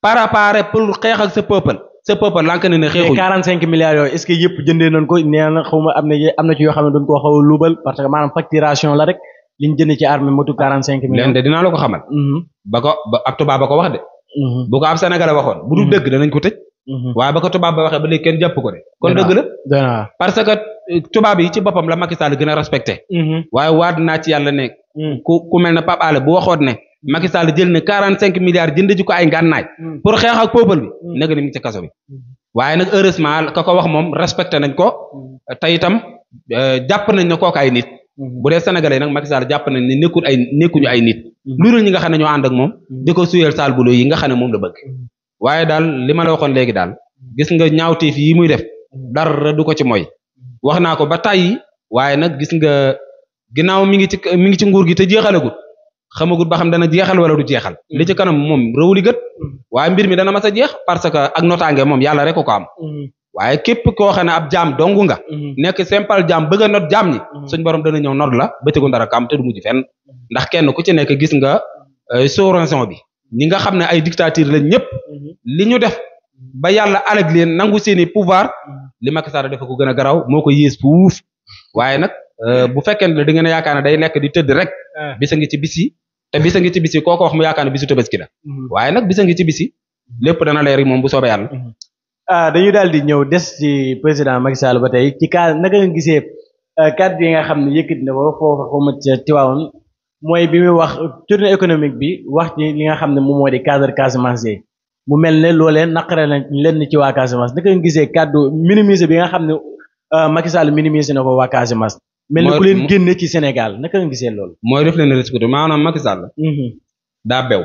préparé pour xeex ak sa peuple sa peuple lank na ne xeexuñu quarante cinq est-ce que yëpp jëndee nañ ko nee ma am na am na ci yoo xam ne duñ koo a luubal parce que maanaam facturation la rek liñ jënd ci armée motu quarante cinq la ko xamal ba ko ko wax de Mhm. bu ko ab Sénégalais waxoon bu dul mhm. dëgg danañ ko tëj mhm. waaye ba ko tubaab ba waxee ba léegi kenn jàpp ko de kon dëgg la parce que euh, tubaab yi ci boppam la Macky la gën a respecté waaye waat naa ci yàlla ne ku ku mel ne Pape Alé bu waxoon ne Macky Sall jël ne quarante cinq milliards jënd ji ko ay ngànnaay pour xeex ak peuple bi nega ni mu ci kaso bi waaye nag heureusement ka ko wax moom respecté nañ ko te itam euh, jàpp nañ ne kooku ay nit Mhm. bu dee sénégalais nag Macky Sall jàpp nañ ne nekkul ay nekkuñu ay nit mhm. lu dul ñi nga xam ne ñoo ànd ak moom mhm. ko suyeel saal bulo yi nga xam ne moom la bëgg waaye daal li ma la waxoon léegi daal gis nga ñaawteef yi muy def dara du ko ci mooy wax naa ko ba tàyyi waaye nag gis nga ginnaaw mi ngi ci mi ngi ci nguur gi te jeexalagut xamagut ba xam dana jeexal wala du jeexal li ci kanam moom rëwli gët waaye mbir mi dana mas a jeex parce que ak notaange moom yàlla rek ko am waye kep ko xam ab jam dongu nga mhm. nek simple jam beug not jam ni mhm. suñ borom dana ñew not la bëtigu dara kam te du mujj fenn mhm. ndax kenn ku ci nek gis nga sourançon bi ñi nga xamne ay dictature lañ ñëpp li ñu def ba yalla alek leen nangu seeni pouvoir li Macky Sall dafa ko gëna a garaw moo ko fuuf waaye euh, bu fekkene la di ngeen a day nek di teud rek ah. bisa ngi ci bisi te bisa ngi ci bisi koko wax mu yaakaar bisu tebeski la waye nak bisa ngi ci bisi lepp dana rek mom bu sobe yalla Ah, dañu daal di ñëw des ci président Macky Sall ba tey ci cas naka nga gisee ah, cadre yi nga xam ne yëkkati na ko foofa ma ca Tiwaawan mooy bi muy wax tournée économique bi wax ci li nga xam ne moom moo di cadre Casamance yi mu mel ne loolee naqare na leen ci waa Casamance naka nga gisee cadre minimiser bi nga xam ne ah, Macky Sall minimiser na ko waa Casamance. mel ne ku leen génne ci Sénégal naka nga gisee loolu. mooy def leen risque maanaam Macky Sall. Mhm. daa bew.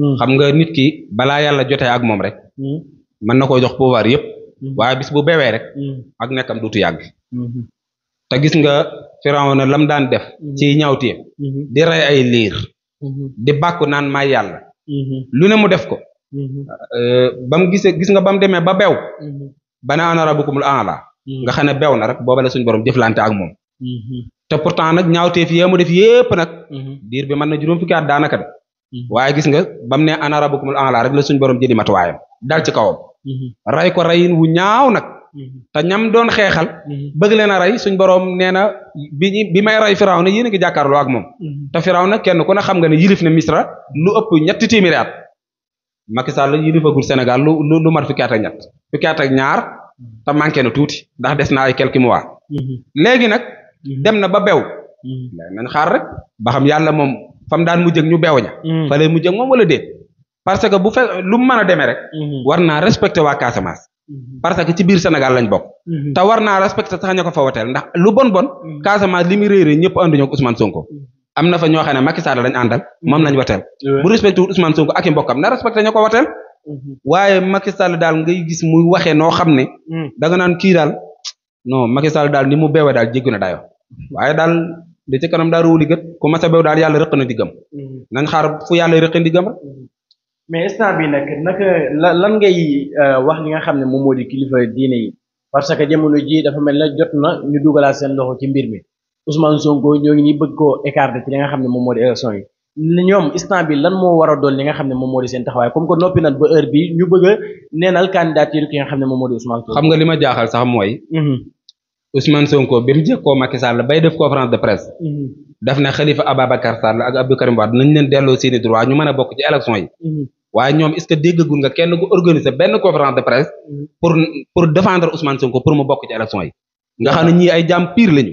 Mhm. xam nga nit ki balaa yàlla jotee ak moom rek. Mhm. mën na koy jox pouvoir yëpp mm-hmm. waaye bis bu bewee rek mm-hmm. ak nekkam duutu yàgg mm-hmm. te gis nga firawna lam daan def ci ñawtee di rey ay liir di bàkku naan maay yàlla lu ne mu def ko euh, ba mu gisee gis nga ba mu demee ba bew bana ana rabbukumul aala nga xam ne bew na rek booba la suñu borom jëflante ak moom te pourtant nag ñaawtee fi yee mu def yépp nag diir bi mën na juróom fukki at daanaka de Mhm. waaye gis nga bam ne ana rabbukumul a'la rek la suñu borom jëli matuwaayam dal ci kawam. Mhm. rey ko reyin wu ñaaw nag. Mhm. te ñam doon xeexal. bëgg leen a rey suñ borom nee na bi ñu bi may rey na yéen a ngi jàkkaarloo ak moom. te Firawna kenn ku ne xam nga ne yilif na Misra lu ëpp ñetti téeméeri at. Macky Sall yilifagul Sénégal lu lu lu mat fukki at ak ñett fukki at ak ñaar te manqué na tuuti ndax des na ay quelques mois. léegi nag dem na ba bew. nañ xaar rek ba xam yàlla moom. fam daan mujj ak ñu beew ña mm. fa lay mujj ak moom wala déet parce que bu fek lu mëna démé rek mm-hmm. war na respecté wa Casamance mm-hmm. parce que ci biir Sénégal lañ bokk mm-hmm. ta war na respecté tax ñako fa wotel ndax lu bon bon Casamance limi réré réeré ñëpp ànduñu ak Ousmane Sonko amna fa ño xam Macky Sall lañ andal mom lañ wotel bu respecté Ousmane Sonko ak mbokam na respecté ñako wotel waye Macky Sall dal ngay gis muy waxé no xamné mm. da nga nan ki dal non Macky Sall dal ni mu beewe dal jéguna dayo waye dal li ci kanam da ku mas a bew daal yàlla rëq na diggam mm-hmm. nañ xaar fu yàlla rëq diggam mm-hmm. mais instant bi la lan ngay euh, wax li nga xam ne moom moo di kilifa diine yi parce que jamono ji dafa mel ne jot na ñu dugalaat seen loxo ci mbir mi Ousmane Sonko ñoo ngi nii bëgg koo écarter ci li nga xam ne moom moo di élection yi ñoom instant bi lan moo war a doon li nga xam ne moom moo di seen taxawaay comme que noppi nan ba heure bi ñu bëgg a neenal candidature ki nga xam ne moom moo di Ousmane Sonko li ma jaaxal sax mooy mm-hmm. Ousmane Sonko bi mu jëkkoo Macky Sall bay def conférence de presse. Mhm. daf ne Khalifa Ababacar Sall ak Abdou Karim Wade nañ leen delloo seeni droit ñu mën a bokk ci élection yi. Mhm. waaye ñoom est-ce que nga kenn organiser benn conférence de presse. Mhm. pour pour défendre Ousmane Sonko pour mu bokk ci élection yi. nga xam ne ay jàmm pire lañu.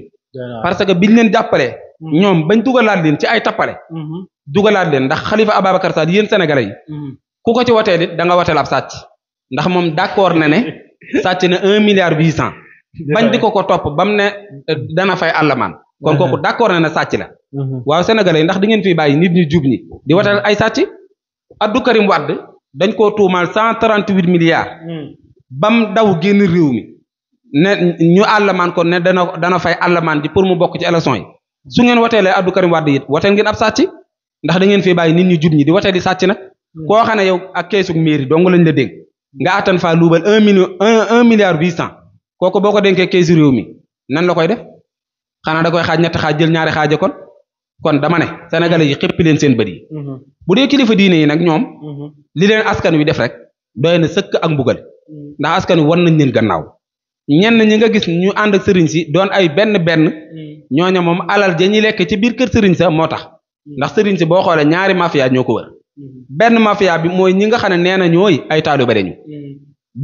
parce que biñ leen jàppalee. ñoom bañ dugalaat leen ci ay tappale. dugalaat leen ndax Khalifa Ababacar Sall yéen sénégalais yi. bañ di ko ko topp ba ne eh, dana fay allamaan kon kooku d'accord na ne sàcc la mhm. waaw sénégalais yi ndax di ngeen fi bàyyi nit ñu jub ñi di watal ay sàcc Abdou Karim Wade dañ koo tuumaal cent trente huit milliards mhm. bam daw génn réew mi ne ñu allamaan ko ne dana dana fay allamaan ji pour mu bokk ci élection yi su ngeen wateelee Abdou Karim Wade it wateel ngeen ndax da ngeen fii bàyyi nit ñu jub ñi di watee di sàcc nag mhm. koo xam ne yow ak keesug mairie dong lañ la dénk nga attan faa luubal un million un un milliard cent kooku boo ko dénkee keesu réew mi nan la koy def xanaa da koy xaaj ñetti xaaj jël ñaari xaaja kon kon dama ne sénégalais yi xëpp leen seen bët yi. Mm-hmm. bu dee kilifa diine yi nag ñoom. Mm-hmm. li leen askan wi def rek doy na sëkk ak mbugal mm-hmm. ndax askan wi war nañ leen gannaaw ñenn ñi nga gis ñu ànd ak sëriñ si doon ay benn benn ñooña moom alal ja ñi lekk ci biir kër sëriñ sa moo tax ndax sëriñ si boo xoolee ñaari mafia ñoo ko wër benn mafia bi mooy ñi nga xam ne nee na ñooy ay taalu bare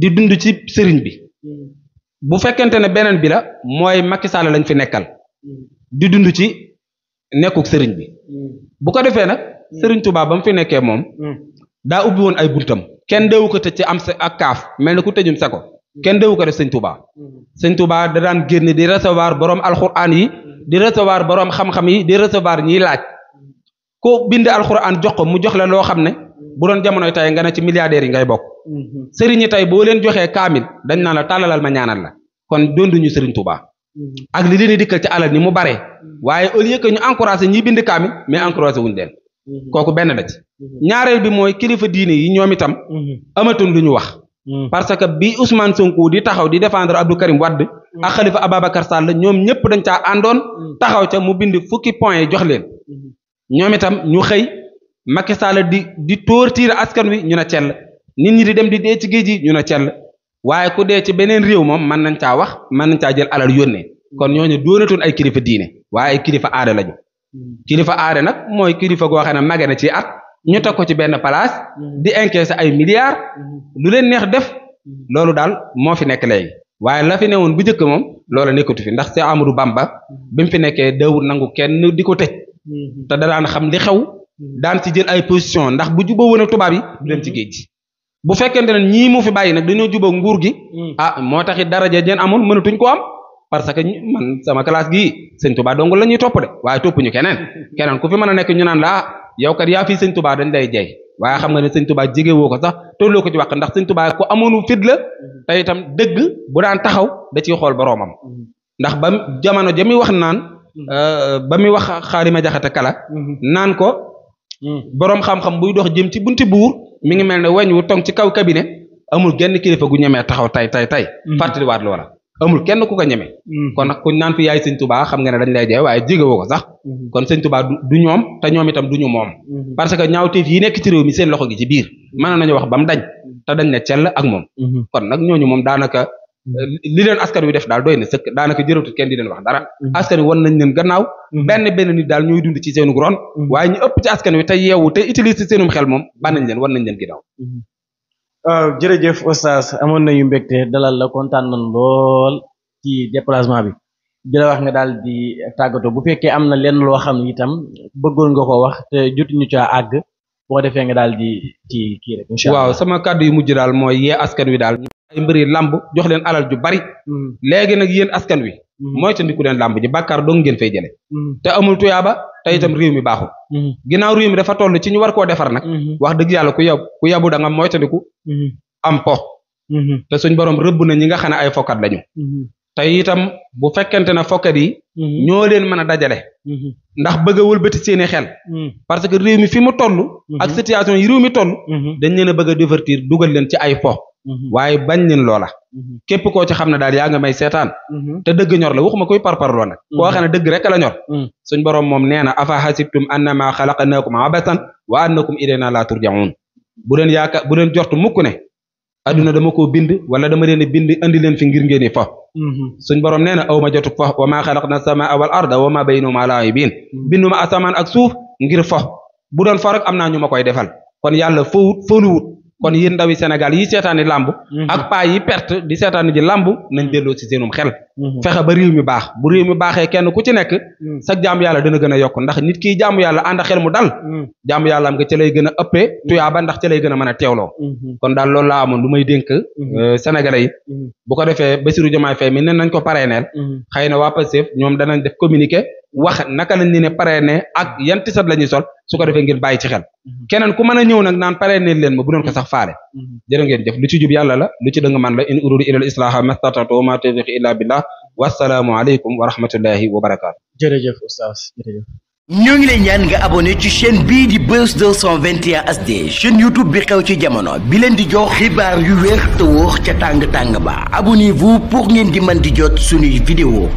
di dund ci sëriñ bi bu fekkente ne beneen bi la mooy Macky Sall lañ fi nekkal di dund ci nekkuk sëriñ bi bu ko defee nag sëriñ Touba ba mu fi nekkee moom daa ubbi woon ay buntam kenn deewu ko tëj ci am sa ak kaaf mel ne ku tëjum sa ko kenn deewu ko def sëñ Touba sëñ Touba da daan génne di recevoir borom alxuraan yi di recevoir borom xam-xam yi di recevoir ñii laaj ko bind alxuraan jox ko mu jox la loo xam ne bu doon jamonoy tey nga ne ci milliardaires yi ngay bokk. Mm-hmm. sëriñ tey boo leen joxee kaamil dañ naan la tàllalal ma ñaanal la kon doon donduñu sëriñ Touba. Mm-hmm. ak li leen di dikkal ci alal ni mu bare mm-hmm. waaye au lieu que ñu encouragé ñiy bind kaamil mais encouragé wuñu leen kooku benn la ci ñaareel bi mooy kilifa diine yi ñoom itam amatuñ lu ñu wax parce que bi Ousmane Sonko di taxaw di défendre Abdou Karim Wade ak Khalifa Ababacar Sall ñoom ñëpp dañ caa àndoon taxaw ca mu bind fukki point yi jox leen ñoom itam ñu xëy Macky di di tóor tiir askan wi ñu ne cell nit ñi di dem di dee ci géej gi ñu ne cell waaye ku dee ci beneen réew moom mën nañ caa wax mën nañ caa jël alal yónnee kon ñooñu doonatoon ay kilifa diine waaye ay kilifa aada lañu kilifa aada nag mooy kilifa goo xam ne mage na ci at ñu teg ko ci benn place di encaisser ay milliards lu leen neex def loolu daal moo fi nekk léegi waaye la ne woon bu njëkk moom loola nekkatu fi ndax Seex Amadou Bamba bi mu fi nekkee dawul nangu kenn di ko tëj te da daan xam li xew daan ci jël ay position ndax bu juboo woon tubaab yi du ci géej bu fekkente ñi mu fi bayyi nak dañu juba nguur gi hmm. ah mo taxit ja jeen amoon mënatuñ ko am parce que man sama classe gii seigne touba dong wa top de waye topu ñu kenen kenen ku fi mëna nek ñu naan la ah, yow kat ya fi seigne touba dañ lay jey waye xam nga ni seigne touba jige woko ko to lo ko ci wax ndax seigne touba ko amoonu fit la hmm. tay itam deug bu daan taxaw da ci xol boromam hmm. ndax bam jamono ja wax naan euh, ba wax kharima jaxata kala naan ko borom xam-xam buy dox jëm ci bunti buur mi ngi mel ne weñ wu tong ci kaw cabinet amul genn kilifa gu ñemee taxaw tay tay tay mhm. fàttaliwaat loola amul kenn ku ko ñeme mhm. kon nag kuñ naan fi yaay sëñ Touba xam nga ne dañ lay jee waaye jigéwu ko sax mhm. kon sëñ Touba du ñoom te ñoom itam du ñu moom parce que ñaawteef yi nekk ci réew mi seen loxo gi ci biir mën nañu wax ba mu dañ te dañ ne cell ak moom kon nag ñooñu moom daanaka li leen askan wi def daal doy na sëkk daanaka jërëtul kenn di leen wax dara mm-hmm. askan wi wan nañ leen gannaaw mm-hmm. benn benn nit daal ñooy dund ci seenu ron mm-hmm. waaye ñu ëpp ci askan wi te yeewu te utiliser seenum xel moom banañ leen wan nañ leen ginnaaw euh, jërëjëf oustaz amoon yu mbégte dalal la kontaan nañ lool ci déplacement bi di la wax nga daal di tàggatoo bu fekkee am na leen loo xam ne itam bëggoon nga ko wax te jotuñu caa àgg bo defé nga dal di ci ki rek inshallah waaw sama kàddu yu mujju dal moy ye askan wi dal ay mbiri lamb jox len alal ju bari hmm. léegi nak yeen askan wi hmm. mooy tandiku leen lamb ji bakkar do ngeen fay jële hmm. te amul tuyaaba tay itam réew mi baaxul ginnaaw réew mi dafa tollu ci ñu war ko defar nak wax deug yalla ku yab ku yabu da nga tan diku am po te suñ borom rëbb na ñi nga xana ay fokat lañu te itam bu fekkente ne fokkat yi mhm. ñoo leen mën a dajale mhm. ndax bëgg a wëlbati seeni xel mhm. parce que réew mi fi mu tollu ak situation yi mi toll dañ leen a bëgg a divertir dugal leen ci ay po waaye bañ leen loola képp koo ci xam ne daal yaa nga may seetaan te dëgg ñor la waxuma koy parparloo nag koo xam ne dëgg rek la ñor suñ boroom moom nee na afa hasibtum annama xalaqnaakum abasan wa annakum ilayna la turjaun bu leen yaaka bu leen jortu mukk ne adduna dama ko bind wala dama leen bind andi leen fi ngir ngeen fa mhm. suñ borom nee na aw ma jotu fa wa maa xalaq na samaa wal arda wa maa bind laa'ibiin mhm. a asamaan ak suuf ngir fa bu doon fa rek am naa ñu ma koy defal kon yàlla fawut foluwut kon yéen ndawi Sénégal yi seetaani làmb mhm. ak paa yi perte di seetaani ji làmb nañ mhm. delloo ci seenum xel mhm. fexe ba réew mi baax bu réew mi baaxee kenn ku ci nekk sa jaamu yàlla dana gën a yokk ndax nit ki jaamu yàlla ànd xel mu dal jaamu yàlla am nga ca lay gën a ëppee tuyaa ndax ca lay gën a mën a teewloo kon daal loolu laa amoon lu may dénk euh, sénégalais yi bu ko defee Bassirou Diomaye Faye mi ne nañ ko paree neel xëy na waa Pastef ñoom danañ def communiqué wax naka lañ ne parrainé ak yan tisat lañuy sol su ko defé ngeen bayyi ci xel mhm. kenen ku mën a ñëw nag naan parrainé leen ma bu doon ko sax faalé mhm. jërë ngeen def lu ci jub yalla la lu ci dëng man la in ururu ila islaha mastatatu ma tawfiqi illa billah wassalaamu alaykum wa rahmatullahi wa barakatuh jëf oustaz jëf ñu ngi lay ñaan nga abonné ci chaîne bi di Buzz 221 SD. chaîne YouTube bi xew ci jamono bi leen di jox xibaar yu wér te wóor ca tang tang ba abonnez-vous pour ngeen di man di jot suñu vidéo